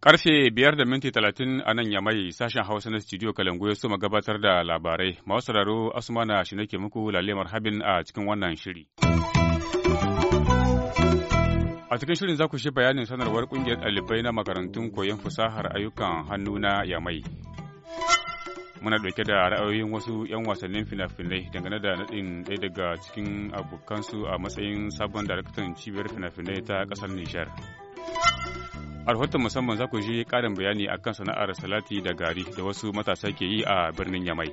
Karfe biyar da minti talatin a nan yamai sashen Hausa na studio Kalangu ya soma gabatar da labarai. Masu sauraro Asmana shi nake muku lalemar habin a cikin wannan shiri. A cikin shirin za ku shi bayanin sanarwar ƙungiyar ɗalibai na makarantun koyon fasahar ayyukan hannu na Yamai. muna dauke da ra'ayoyin wasu 'yan wasannin fina-finai dangane da naɗin ɗaya daga cikin abokansu a matsayin sabon daraktan cibiyar fina-finai ta ƙasar nijar a rahoton musamman za ku ji ƙarin bayani a kan sana'ar salati da gari da wasu matasa ke yi a birnin yamai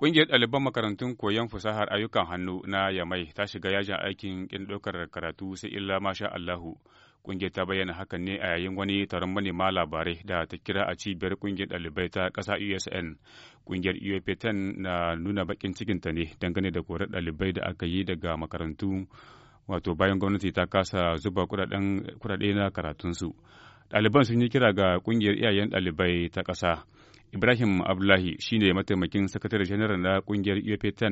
Ƙungiyar ɗaliban makarantun koyon fasahar ayyukan hannu na Yamai ta shiga yajin aikin ƙin ɗaukar karatu sai illa masha Allahu. Ƙungiyar ta bayyana hakan ne a yayin wani taron manema labarai da ta kira a cibiyar ƙungiyar ɗalibai ta ƙasa USN. Ƙungiyar UAP10 na nuna baƙin cikinta ne dangane da korar ɗalibai da aka yi daga makarantu wato bayan gwamnati ta kasa zuba kuɗaɗe na karatunsu. Ɗaliban sun yi kira ga ƙungiyar iyayen ɗalibai ta ƙasa. Ibrahim Abdullahi shi ne mataimakin sakatare janar na kungiyar UFA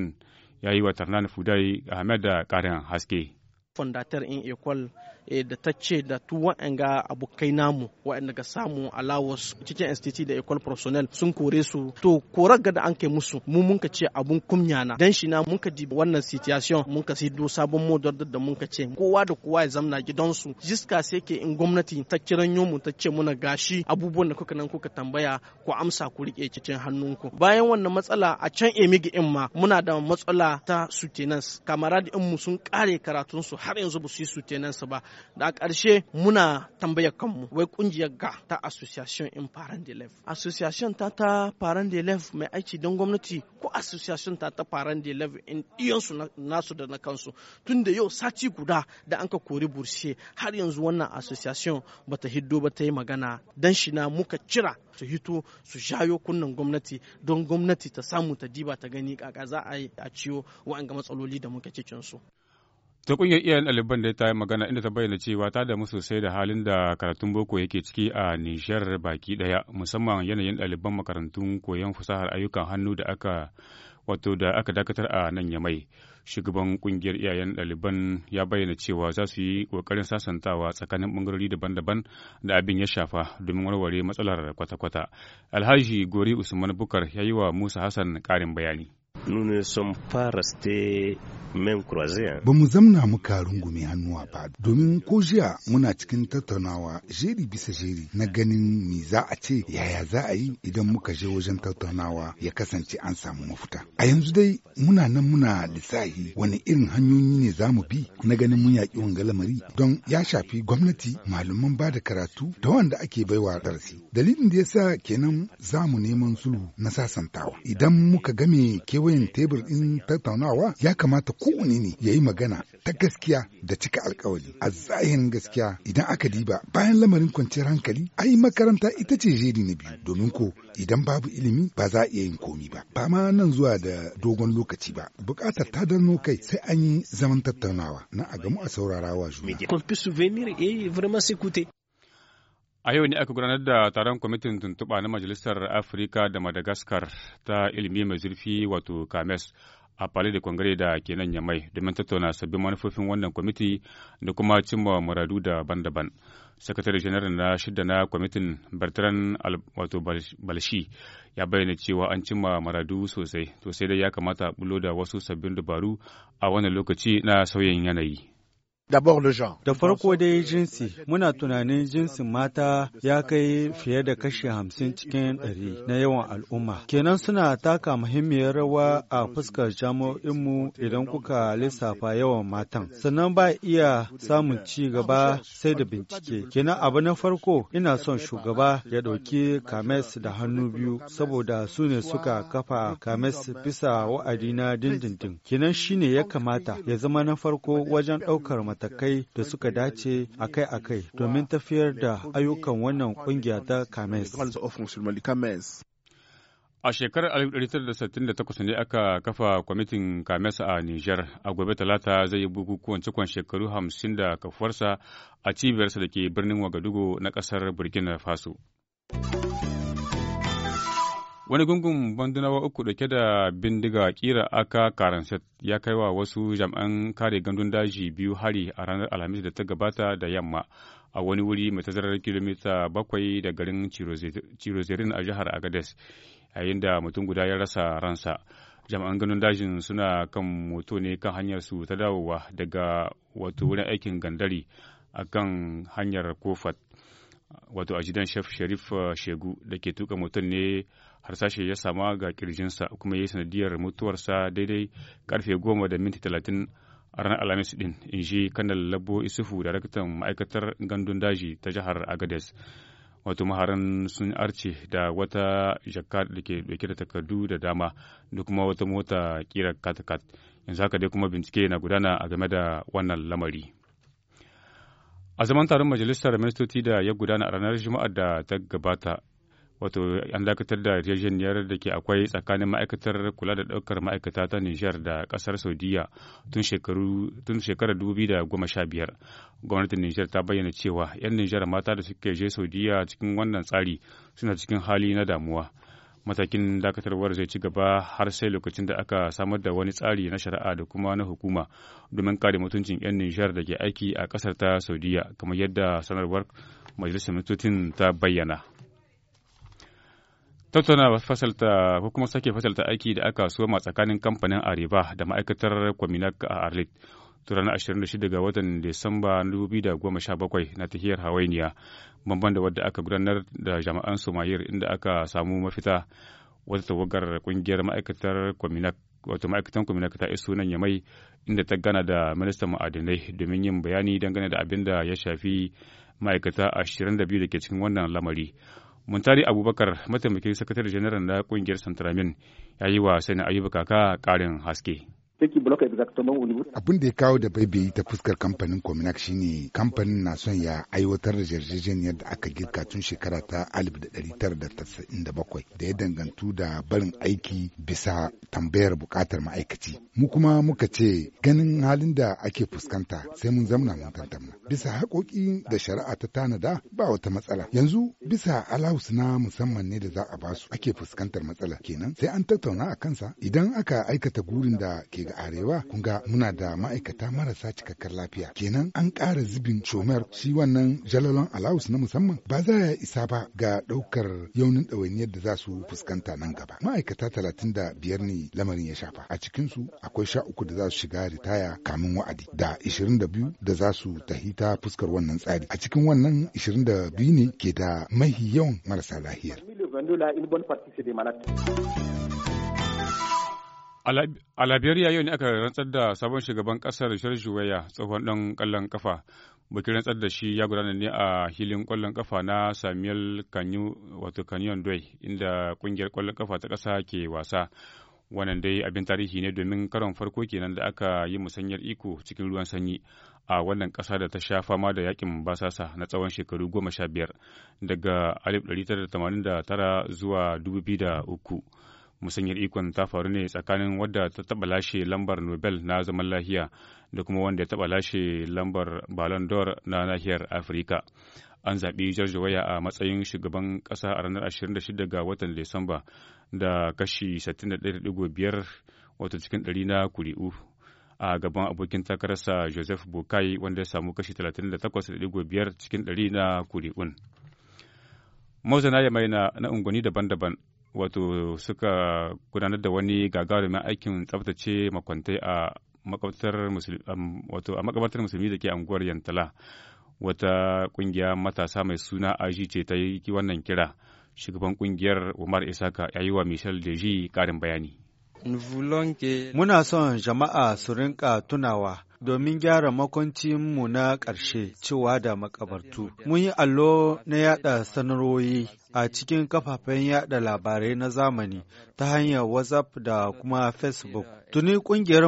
ya yi wa Tarnan Fudai Ahmed da ƙarin haske. Fondatar in Ecole Eh, da ta ce da tu waɗanga abokai namu waɗanda ga samu alawas cikin institute da ecole professionnel sun kore su to korar ga da an kai musu mu mun ka ce abun kunya na dan shi na mun ka di wannan situation mun ka sido sabon modar da mun ka ce kowa da kowa ya zamna gidansu jiska sai ke in gwamnati ta kiran mu ta ce muna gashi abubuwan da kuka nan kuka tambaya ku amsa ku rike cikin hannunku bayan wannan matsala a can emigi in ma muna da matsala ta sutenance kamarad in mu sun kare karatun su har yanzu ba su yi sutenance ba da a ƙarshe muna tambayar kanmu wai kungiyar ga ta association in parent de lef association ta ta parent de lef mai aiki don gwamnati ko association ta ta parent de lef in iyansu nasu da na kansu tun da yau sati guda da an ka kori burshe har yanzu wannan association bata hiddo ba ta yi magana dan shi na muka cira su hito su shayo kunnan gwamnati don gwamnati ta samu ta diba ta gani kaka za a yi a ciwo wa'anga matsaloli da muke cikin su ta kungiyar iyayen ɗaliban da ta yi magana inda ta bayyana cewa ta damu sosai da halin da karatun boko yake ciki a nijar baki ɗaya musamman yanayin ɗaliban makarantun koyon fasahar ayyukan hannu da aka wato da aka dakatar a nan ya mai shugaban kungiyar iyayen ɗaliban ya bayyana cewa za su yi ƙoƙarin sasantawa tsakanin ɓangarori daban-daban da abin ya shafa domin warware matsalar kwata-kwata alhaji gori usman bukar ya yi wa musa hassan ƙarin bayani ne Ba mu zamna muka rungume hannuwa ba domin ko jiya muna cikin tattaunawa jeri bisa jeri na ganin me za a ce yaya za a yi idan muka je wajen tattaunawa ya kasance an samu mafuta A yanzu dai muna nan muna lissahi wani irin hanyoyi ne za mu bi na ganin mun yaƙi wanga lamari don ya shafi gwamnati malaman ba da karatu da wanda ake baiwa darasi. Dalilin da sa kenan za mu neman sulhu na sasantawa. Idan muka game kewayen dining tebur ɗin tattaunawa ya kamata kowane ne ya yi magana ta gaskiya da cika alkawali. A zahirin gaskiya idan aka diba bayan lamarin kwanciyar hankali ai makaranta ita ce jeri na biyu domin ko idan babu ilimi ba za a iya yin komi ba. Ba ma nan zuwa da dogon lokaci ba. Bukatar ta danno kai sai an yi zaman tattaunawa na a gamu a saurara wa juna. A yau ne aka gudanar da taron kwamitin tuntuɓa na Majalisar Afirka da Madagaskar ta ilimi mai zurfi wato kames a Palais da Kwangare da ke nan Yamai domin tattauna sabbin manufofin wannan kwamiti da kuma cimma muradu daban-daban. Sakatare janar na shida na kwamitin Bertrand wato Balshi ya bayyana cewa an cimma maradu sosai, to sai dai ya kamata a bulo da wasu sabbin dabaru a wannan lokaci na sauyin yanayi. Da farko dai jinsi, muna tunanin jinsin mata ya kai fiye da kashi hamsin cikin ɗari na yawan al'umma. Kenan suna taka muhimmiyar rawa a fuskar mu idan kuka lissafa yawan matan. Sannan ba iya samun ci gaba sai da bincike. Kenan abu na farko ina son shugaba ya ɗauki kames da hannu biyu saboda su ne suka kafa kames bisa wa'adi na dindindin. Kenan shine ya kamata ya zama na farko wajen ɗaukar mata. matakai da suka dace akai-akai domin tafiyar da ayyukan wannan kungiya ta kames. A shekarar 1968 ne aka kafa kwamitin Kames a Nijar, a gobe talata zai yi bukukuwan cikon shekaru hamsin da kafuwarsa a cibiyarsa da ke birnin Wagadugu na ƙasar Burkina Faso. Wani gungun bandunawa uku dauke da bindiga kira aka karanset ya kai wa wasu jam'an kare gandun daji biyu hari a ranar Alhamis da ta gabata da yamma a wani wuri mai tazarar kilomita bakwai da garin Cirozerin a jihar Agades yayin da mutum guda ya rasa ransa. Jam'an gandun dajin suna kan moto ne kan hanyar su ta dawowa daga wato wurin aikin gandari a kan hanyar Kofat wato a gidan Shef Sharif eh, Shegu da ke tuka mutum ne harsashe ya sama ga kirjinsa kuma ya yi sanadiyar mutuwarsa daidai karfe goma da minti talatin a ranar alhamis din in ji kanal labo isufu daraktan ma'aikatar gandun daji ta jihar agades wato maharan sun arce da wata jaka da ke dauke da takardu da dama da kuma wata mota kira katakat yanzu haka dai kuma bincike na gudana a game da wannan lamari a zaman taron majalisar ministoci da ya gudana a ranar juma'ar da ta gabata wato an dakatar da yarjejeniyar da ke akwai tsakanin ma'aikatar kula da ɗaukar ma'aikata ta Nijar da kasar Saudiya tun shekaru tun shekarar 2015 gwamnatin Nijar ta bayyana cewa 'yan Nijar mata da suke je Saudiya cikin wannan tsari suna cikin hali na damuwa matakin dakatarwar zai ci gaba har sai lokacin da aka samar da wani tsari na shari'a da kuma na hukuma domin kare mutuncin 'yan Nijar da ke aiki a ƙasar ta Saudiya kamar yadda sanarwar majalisar ministocin ta bayyana. tattauna fasalta ko kuma sake fasalta aiki da aka soma tsakanin kamfanin areba da ma'aikatar Kwaminak a Arlit ta 26 ga watan Disamba 2017 na tahiyar hawainiya bamban da wadda aka gudanar da jama'an Somayir inda aka samu mafita wata tawagar kungiyar ma'aikatar Kwaminak wato ma'aikatan kwaminak ta iso nan yamai inda ta gana da ministan ma'adinai domin yin bayani dangane da abin ya shafi ma'aikata 22 da ke cikin wannan lamari. Muntari Abubakar mataimakin sakatare janar na kungiyar Santramin ya yi wa Sani Ayuba Kaka ƙarin haske. Abin da ya kawo da yi ta fuskar kamfanin Cominac shine kamfanin na son ya aiwatar da yarjejeniyar da aka girka tun shekara ta 1997 da ya dangantu da barin aiki bisa tambayar bukatar ma'aikaci. Mu kuma muka ce ganin halin da ake fuskanta sai mun zamna mun tantamna. Bisa haƙoƙi da shari'a ta tanada ba wata matsala. Yanzu bisa alawus na musamman ne da za a basu ake fuskantar matsala kenan sai an tattauna a kansa idan aka aikata gurin da ke daga arewa kun muna da ma'aikata marasa cikakkar lafiya kenan an ƙara zubin shomer shi wannan jalalon alawus na musamman ba za ya isa ba ga ɗaukar yaunin ɗawainiyar da za su fuskanta nan gaba ma'aikata talatin da biyar ne lamarin ya shafa a cikinsu akwai sha uku da za su shiga ritaya kamin wa'adi da ishirin da biyu da za su tahi ta fuskar wannan tsari a cikin wannan ishirin da biyu ne ke da mahi yawan marasa lahiyar. A Liberia yau ne aka rantsar da sabon shugaban kasar George Weah tsohon ɗan ƙwallon kafa. Bikin rantsar da shi ya gudana ne a hilin ƙwallon kafa na Samuel Kanyu wato Kanyon Doi inda ƙungiyar ƙwallon kafa ta ƙasa ke wasa. Wannan dai abin tarihi ne domin karon farko kenan da aka yi musanyar iko cikin ruwan sanyi a wannan ƙasa da ta sha fama da yakin basasa na tsawon shekaru goma sha biyar daga 1989 zuwa 2003. musanyar ikon ta faru ne tsakanin wadda ta taɓa lashe lambar nobel na zaman lahiya da kuma wanda ya taɓa lashe lambar ballon d'or na nahiyar afirka an zaɓi george waya a matsayin shugaban ƙasa a ranar 26 ga watan Desamba da kashi 61.5 wato cikin ɗari na kuri'u a gaban abokin takararsa joseph bukai wanda ya samu kashi 38.5 cikin ɗari na kuri'un mauzana ya maina na unguwanni daban-daban wato suka gudanar da wani gagarumin aikin tsaftace makwantai a makabartar musulmi da ke anguwar yantala wata kungiya matasa mai suna aji ce ta yi wannan kira shugaban kungiyar umar isaka ya yi wa michel deji karin bayani muna son jama'a su rinka tunawa domin gyara makoncinmu na ƙarshe cewa da makabartu. Mun yi allo na yada sanarwoyi a cikin kafafen yada labarai na zamani ta hanyar WhatsApp da kuma Facebook. Tuni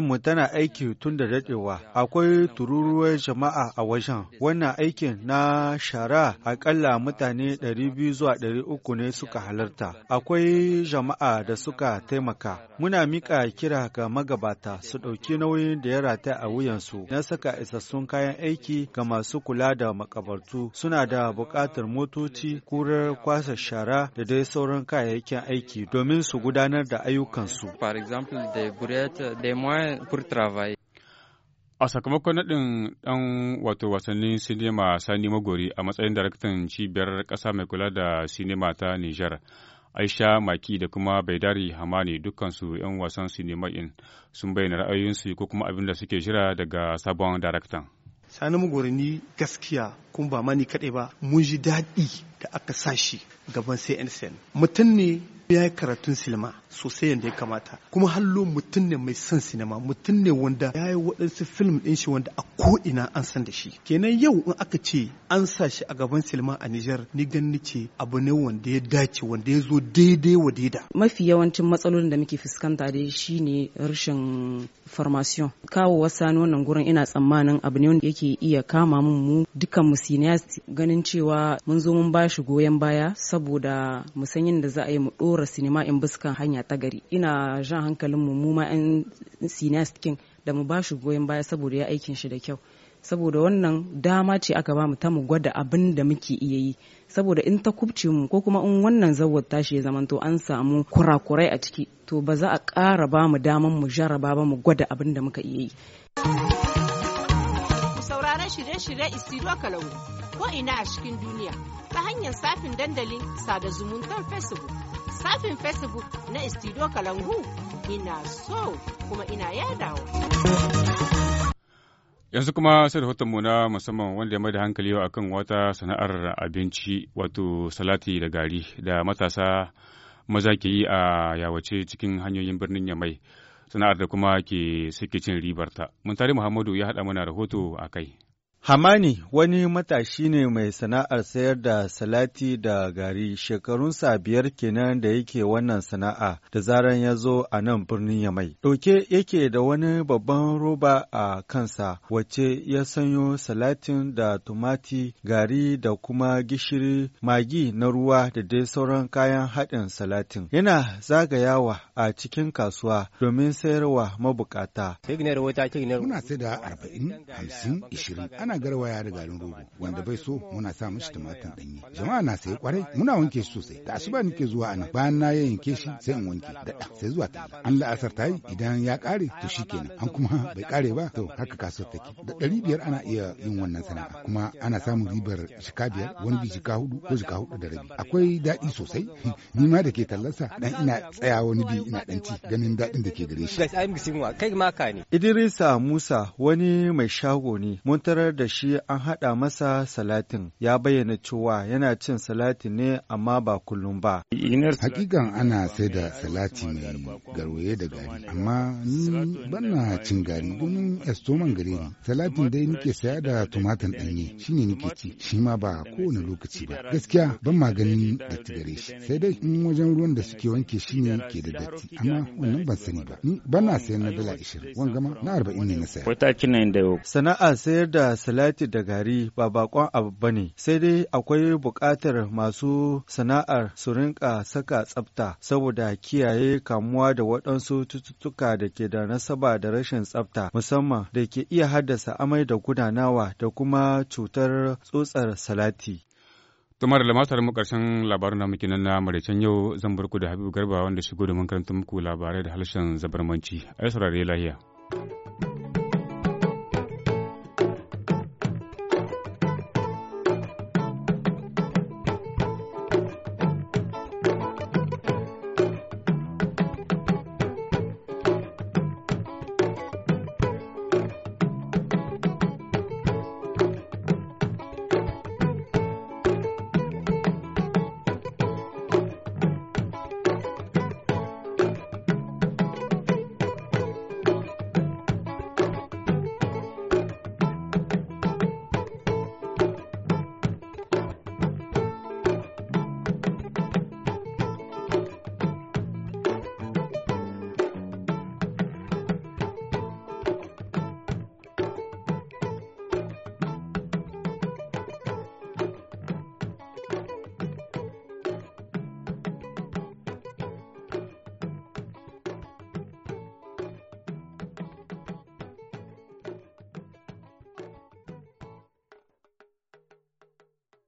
mu tana aiki tun da daɗewa, akwai tururuwar jama'a a wajen. Wannan aikin na shara akalla mutane 200 zuwa 300 ne suka halarta. Akwai jama'a da suka taimaka. Muna miƙa kira ga magabata su ɗauki nauyin da ya rata a wuyansu na saka isassun kayan aiki ga masu kula da makabartu suna da buƙatar motoci kurar kwasa buƙatar shara da dai sauran kayayyakin aiki domin su gudanar da ayyukansu. A sakamakon naɗin ɗan wato wasannin sinima Sani Magori a matsayin daraktan cibiyar ƙasa mai kula da sinima ta Nijar. Aisha Maki da kuma Baidari Hamani dukkansu 'yan wasan sinima in sun bayyana ra'ayoyinsu ko kuma abin da suke jira daga sabon daraktan. Sani Magori ni gaskiya kun ba mani kaɗai ba mun ji daɗi da aka sa shi gaban cncn Mutum ne ya yi karatun silima sosai yadda ya kamata kuma hallo mutum ne mai son sinima mutum ne wanda ya yi waɗansu film ɗin shi wanda a ko'ina an san da shi kenan yau in aka ce an sa shi a gaban silima a Nijar ni ganin ce abu ne wanda ya dace wanda ya zo daidai wa daida mafi yawancin matsalolin da muke fuskanta dai ne rashin formation kawo wasa wannan gurin ina tsammanin abu ne wanda yake iya kama mun mu dukkan mu ganin cewa mun zo mun ba shi goyon baya saboda mu san yadda za a yi mu dora sinima in buskan hanya ta gari ina jan hankalin mu muma 'yan cineast da mu bashi shi goyon baya saboda ya aikin shi da kyau saboda wannan dama ce aka ba mu ta mu gwada abin da muke iya yi saboda in ta kubce mu ko kuma in wannan zawar tashi ya zamanto an samu kurakurai a ciki to ba za a ƙara mu daman mu jaraba ba mu gwada abin da muka iya yi. Sauraron shirye-shirye Isiro ko'ina a cikin duniya ta hanyar safin dandalin sada zumuntar Facebook. Safin Facebook na Istido Kalangu ina so kuma ina yadawa. Yanzu kuma sai mu na musamman wanda ya mai da hankali akan wata sana'ar abinci wato salati da gari da matasa maza ke yi a yawace cikin hanyoyin birnin Yamai sana'ar da kuma ke suke cin ribarta. Muntari Muhammadu ya haɗa mana rahoto a kai. Hamani wani matashi ne mai sana'ar sayar da salati da gari shekarunsa biyar kenan da yake wannan sana'a da zaran ya zo a nan birnin Yamai. Ɗauke yake da wani babban roba a kansa wace ya sanyo salatin da tumati gari da kuma gishiri magi na ruwa da dai sauran kayan haɗin salatin. Yana zagayawa a cikin kasuwa domin sayarwa mabukata. Muna ana garwaya da garin rogo wanda bai so muna sa mishi tumatir danye jama'a na sai kwarai muna wanke shi sosai da asuba nake zuwa anan bayan na yanke shi sai in wanke da sai zuwa talla an la'asar tayi idan ya kare to kenan an kuma bai kare ba to haka kasuwar take da ɗari biyar ana iya yin wannan sana'a kuma ana samun ribar shika biyar wani bi shika hudu ko shika hudu da rabi akwai daɗi sosai ni ma da ke tallarsa dan ina tsaya wani bi ina dan ganin daɗin da ke gare shi Idrisa Musa wani mai shago ne mun tarar da shi an haɗa masa salatin ya bayyana cewa yana cin salati ne amma ba kullum ba. Hakikan ana sai da salati mai garwaye da gari amma ni bana cin gari domin estoman gare ni salatin dai nike saya da tumatan ɗanye shine nike ci shi ma ba kowane lokaci ba gaskiya ban maganin datti gare shi sai dai in wajen ruwan da suke wanke shi ne ke da datti amma wannan ban sani ba ni bana sayan na dala ishirin wangama na arba'in ne na saya. Sana'a sayar da salati da gari ba bakon abu ba ne, sai dai akwai buƙatar masu sana'ar su rinka saka tsafta saboda kiyaye kamuwa da waɗansu cututtuka da ke da nasaba da rashin tsafta musamman da ke iya haddasa amai da gudanawa da kuma cutar tsotsar salati. tumar da masu mu karshen labarin muke nan na maraicen yau zan barku da habibu garba wanda shigo domin karanta muku labarai da harshen zabarmanci a yi saurare lahiya.